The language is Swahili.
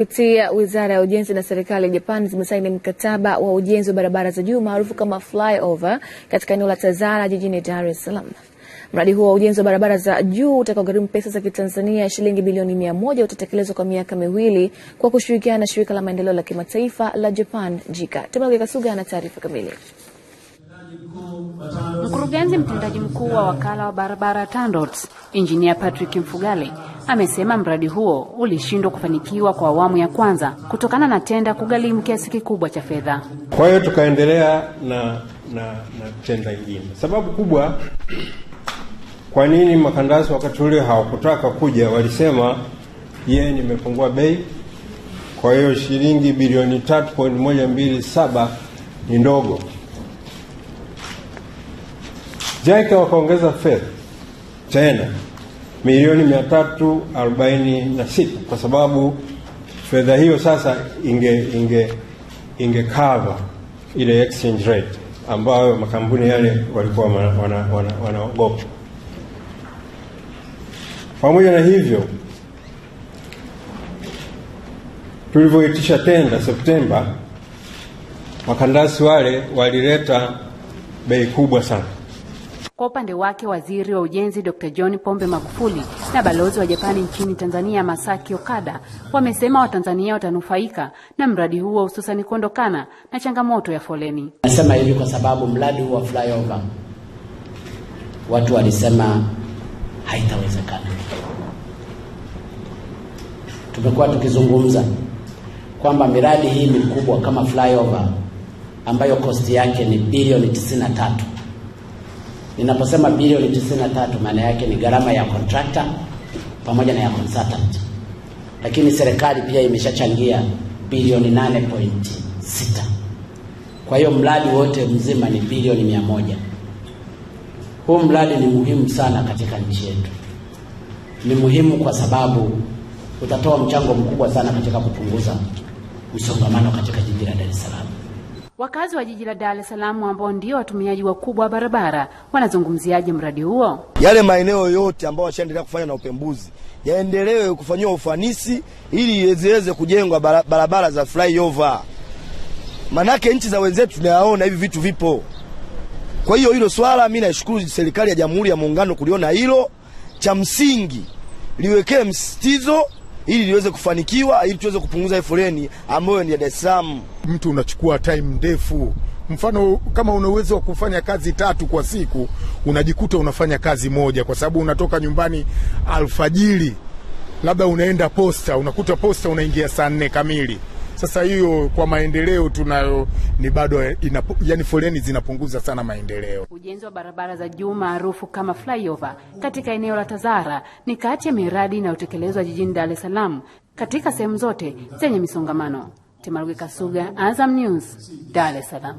Kupitia Wizara ya Ujenzi na serikali ya Japan zimesaini mkataba wa ujenzi wa barabara za juu maarufu kama flyover katika eneo la Tazara jijini Dar es Salaam. Mradi huo wa ujenzi wa barabara za juu utakaogharimu pesa za Kitanzania shilingi bilioni mia moja utatekelezwa kwa miaka miwili kwa kushirikiana na shirika la maendeleo la kimataifa la Japan JICA. kasuga ana taarifa kamili. Mkurugenzi mtendaji mkuu wa wakala wa barabara TANROADS Injinia Patrick Mfugale amesema mradi huo ulishindwa kufanikiwa kwa awamu ya kwanza kutokana na tenda kugharimu kiasi kikubwa cha fedha. Kwa hiyo tukaendelea na, na, na tenda ingine. Sababu kubwa kwa nini makandarasi wakati ule hawakutaka kuja, walisema ye, nimepungua bei, kwa hiyo shilingi bilioni 3.127 ni ndogo Jaika wakaongeza fedha tena milioni mia tatu arobaini na sita kwa sababu fedha hiyo sasa inge inge inge ile exchange rate ambayo makampuni yale walikuwa wanaogopa wana, wana, wana pamoja na hivyo tulivyoitisha tenda Septemba, wakandasi wale walileta bei kubwa sana kwa upande wake waziri wa ujenzi Dr. John Pombe Magufuli na balozi wa Japani nchini Tanzania Masaki Okada wamesema Watanzania watanufaika na mradi huo, hususani kuondokana na changamoto ya foleni. Nasema hivi kwa sababu mradi huu wa flyover watu walisema haitawezekana. Tumekuwa tukizungumza kwamba miradi hii mikubwa kama flyover ambayo kosti yake ni bilioni 93 Ninaposema bilioni 93 maana yake ni gharama ya contractor pamoja na ya consultant, lakini serikali pia imeshachangia bilioni 8.6. Kwa hiyo mradi wote mzima ni bilioni 100. Huu mradi ni muhimu sana katika nchi yetu. Ni muhimu kwa sababu utatoa mchango mkubwa sana katika kupunguza msongamano katika jiji la Dar es Salaam. Wakazi wa jiji la Dar es Salaam ambao ndio watumiaji wakubwa wa barabara wanazungumziaje mradi huo? Yale maeneo yote ambayo washaendelea kufanya na upembuzi yaendelewe kufanyiwa ufanisi ili ziweze kujengwa barabara za flyover, manake nchi za wenzetu tunayaona hivi vitu vipo. Kwa hiyo hilo swala, mimi naishukuru serikali ya Jamhuri ya Muungano kuliona hilo, cha msingi liwekee msitizo ili liweze kufanikiwa, ili tuweze kupunguza foleni ambayo ni ya Dar es Salaam. Mtu unachukua time ndefu Mfano, kama una uwezo wa kufanya kazi tatu kwa siku, unajikuta unafanya kazi moja, kwa sababu unatoka nyumbani alfajiri, labda unaenda posta, unakuta posta unaingia saa nne kamili. Sasa hiyo kwa maendeleo tunayo ni bado, yani foleni zinapunguza sana maendeleo. Ujenzi wa barabara za juu maarufu kama flyover katika eneo la Tazara ni kati ya miradi inayotekelezwa jijini Dar es Salaam katika sehemu zote zenye misongamano. Temaruge Kasuga, Azam News, Dar es Salaam.